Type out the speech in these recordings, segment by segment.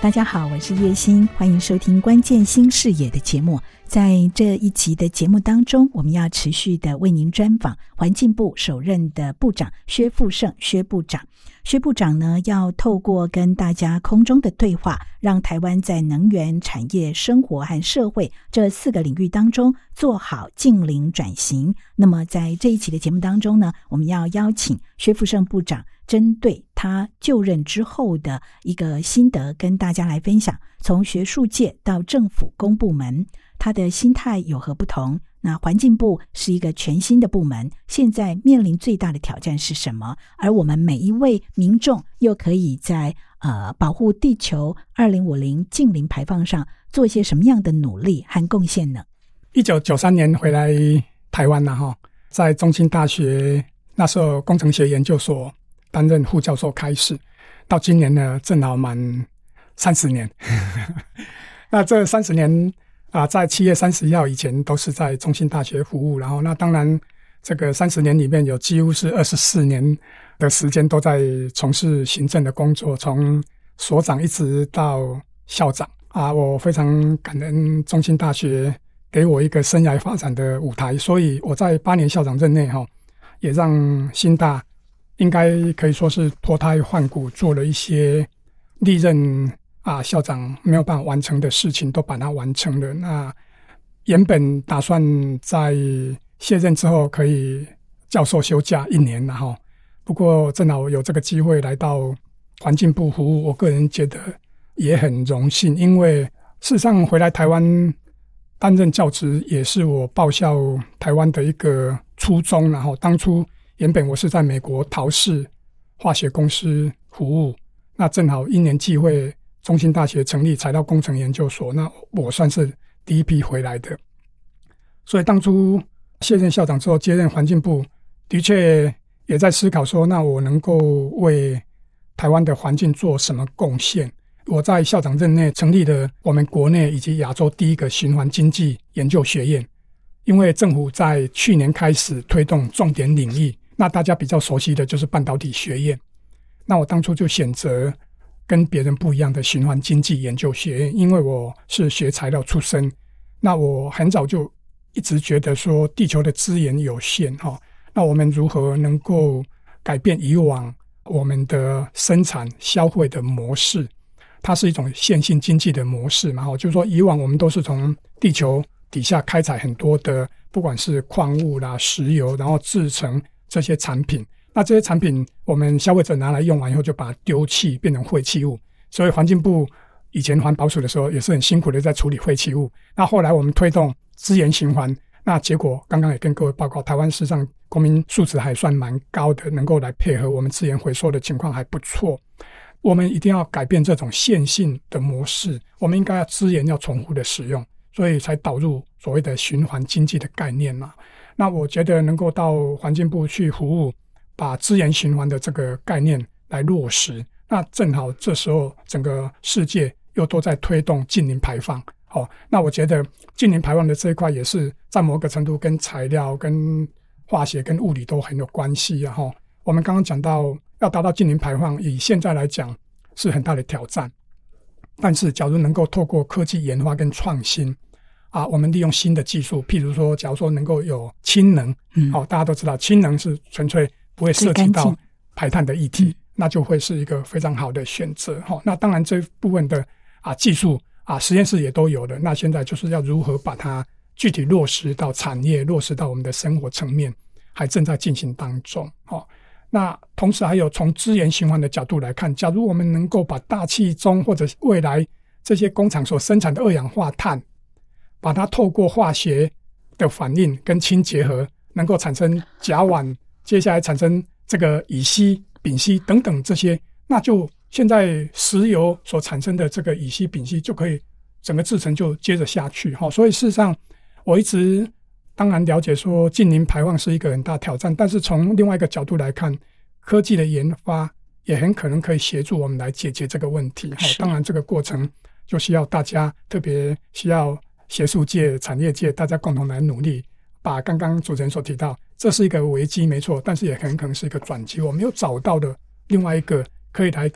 大家好，我是葉欣，歡迎收聽《關鍵新視野》的節目。在這一集的節目當中，我們要持續的為您專訪環境部首任的部長薛富盛，薛部長。薛部長呢，要透過跟大家空中的對話，讓台灣在能源、產業、生活和社會這四個領域當中做好淨零轉型。那麼，在這一期的節目當中呢，我們要邀請薛富盛部長。針對他就任之後的一個心得，跟大家來分享。從學術界到政府公部門，他的心態有何不同？那環境部是一個全新的部門，現在面臨最大的挑戰是什麼？而我們每一位民眾又可以在呃保護地球二零五零淨零排放上做一些什麼樣的努力和貢獻呢？一九九三年回來台灣了哈，在中興大學那時候工程學研究所，擔任副教授開始，到今年呢，正好滿三十年。 那這三十年啊，在七月三十一號以前，都是在中興大學服務。然後，那當然，這個三十年裡面有幾乎是二十四年的時間都在從事行政的工作，從所長一直到校長啊。我非常感恩中興大學給我一個生涯發展的舞台，所以我在八年校長任內哈，也讓新大。應該可以說是脫胎換骨，做了一些歷任啊校長沒有辦法完成的事情，都把它完成了。那原本打算在卸任之後可以教授休假一年了，然後不過正好有這個機會來到環境部服務，我個人覺得也很榮幸，因為事實上回來台灣擔任教職也是我報效台灣的一個初衷，然後當初。原本我是在美國陶氏化學公司服務，那正好一年際會，中興大學成立材料工程研究所，那我算是第一批回來的。所以當初卸任校長之後，接任環境部，的確也在思考說，那我能夠為台灣的環境做什麼貢獻？我在校長任內成立了我們國內以及亞洲第一個循環經濟研究學院，因為政府在去年開始推動重點領域。那大家比較熟悉的就是半導體學院。那我當初就選擇跟別人不一樣的循環經濟研究學院，因為我是學材料出身。那我很早就一直覺得說，地球的資源有限。那我們如何能夠改變以往我們的生產消費的模式？它是一種線性經濟的模式嘛。就是說以往我們都是從地球底下開採很多的，不管是礦物啦、石油，然後製成。這些產品，那這些產品我們消費者拿來用完以後，就把它丟棄變成廢棄物。所以環境部以前環保署的時候，也是很辛苦的在處理廢棄物。那後來我們推動資源循環，那結果剛剛也跟各位報告，台灣事實上國民素質還算蠻高的，能夠來配合我們資源回收的情況還不錯。我們一定要改變這種線性的模式，我們應該要資源要重複的使用，所以才導入所謂的循環經濟的概念嘛。那我覺得能夠到環境部去服務，把資源循環的這個概念來落實。那正好這時候整個世界又都在推動淨零排放，哦，那我覺得淨零排放的這一塊也是在某個程度跟材料、跟化學、跟物理都很有關係哈、啊哦，我們剛剛講到要達到淨零排放，以現在來講是很大的挑戰，但是假如能夠透過科技研發跟創新。啊，我們利用新的技術，譬如說，假如說能夠有氫能，哦、嗯，大家都知道氫能是純粹不會涉及到排碳的議題，那就會是一個非常好的選擇，哦。那當然這部分的啊技術啊實驗室也都有的，那現在就是要如何把它具體落實到產業，落實到我們的生活層面，還正在進行當中，哦。那同時還有從資源循環的角度來看，假如我們能夠把大氣中或者未來這些工廠所生產的二氧化碳，把它透過化學的反應跟氫結合，能夠產生甲烷，接下來產生這個乙烯、丙烯等等這些，那就現在石油所產生的這個乙烯、丙烯就可以整個製程就接着下去。好，所以事實上，我一直當然了解說近零排放是一個很大挑戰，但是從另外一個角度來看，科技的研發也很可能可以協助我們來解決這個問題。是好，當然這個過程就需要大家特別需要。學術界、產業界，大家共同來努力，把剛剛主持人所提到，這是一個危機，沒錯，但是也很可能是一個轉機。我們有找到的另外一個可以來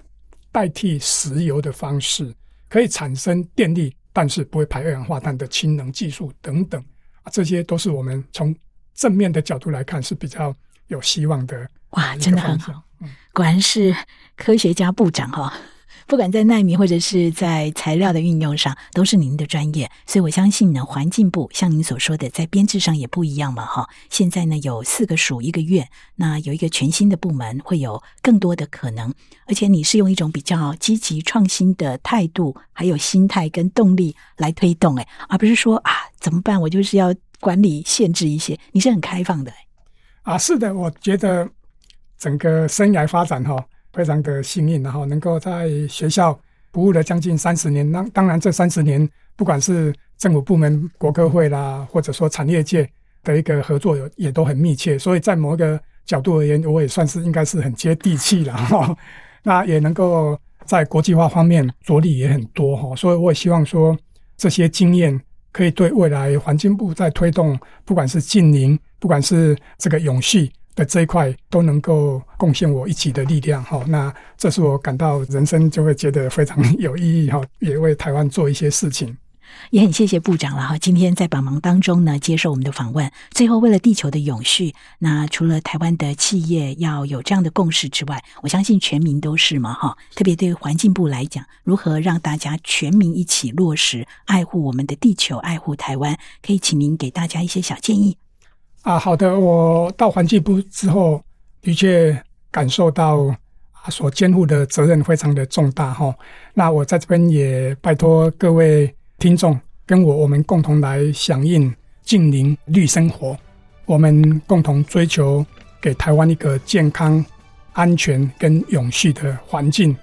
代替石油的方式，可以產生電力，但是不會排二氧化碳的氫能技術等等，啊、這些都是我們從正面的角度來看是比較有希望的。哇，啊、真的很好，嗯、果然是科學家部長哈、哦。不管在奈米或者是在材料的運用上，都是您的專業，所以我相信呢，環境部像您所說的，在編制上也不一樣嘛，哈。現在呢，有四個署一個院，那有一個全新的部門，會有更多的可能。而且你是用一種比較積極創新的態度，還有心態跟動力來推動，誒，而不是說啊，怎麼辦？我就是要管理限制一些。你是很開放的誒，啊，是的，我覺得整個生涯發展，哈。非常的幸運，然後能夠在學校服務了將近三十年。那當然這30年，這三十年不管是政府部門、國科會啦，或者說產業界的一個合作，也都很密切。所以在某一個角度而言，我也算是應該是很接地氣了哈。 那也能夠在國際化方面着力也很多。所以我也希望說，這些經驗可以對未來環境部在推動，不管是淨零，不管是這個永續。的這一塊都能夠貢獻我一起的力量哈，那這是我感到人生就會覺得非常有意義哈，也為台灣做一些事情，也很謝謝部長了哈。今天在百忙當中呢，接受我們的訪問。最後，為了地球的永續，那除了台灣的企業要有這樣的共識之外，我相信全民都是嘛哈。特別對環境部來講，如何讓大家全民一起落實愛護我們的地球、愛護台灣，可以請您給大家一些小建議？啊，好的，我到環境部之後，的確感受到啊，所肩負的責任非常的重大哈。那我在這邊也拜托各位聽眾跟我，我們共同來響應淨零綠生活，我們共同追求給台灣一個健康、安全跟永續的環境。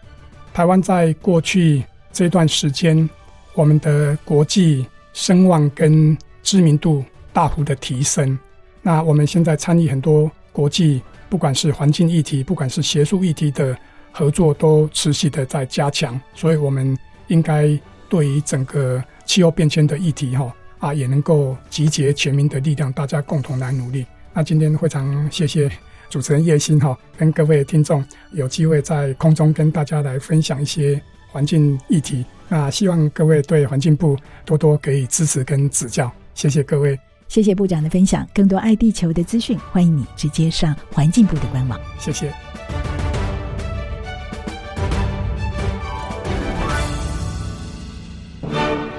台灣在過去這段時間，我們的國際聲望跟知名度大幅的提升。那我們現在參與很多國際，不管是環境議題，不管是學術議題的合作，都持續的在加強。所以，我們應該對於整個氣候變遷的議題，哈啊，也能夠集結全民的力量，大家共同來努力。那今天非常謝謝主持人葉欣哈，跟各位聽眾有機會在空中跟大家來分享一些環境議題。那希望各位對環境部多多給予支持跟指教。謝謝各位。謝謝部長的分享，更多愛地球的資訊，歡迎你直接上環境部的官網。謝謝。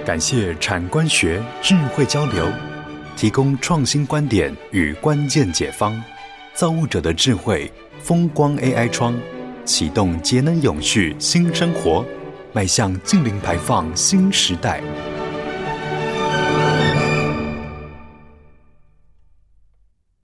感謝產官學智慧交流，提供創新觀點與關鍵解方。造物者的智慧，風光 AI 窗啟動節能永續新生活，邁向淨零排放新時代。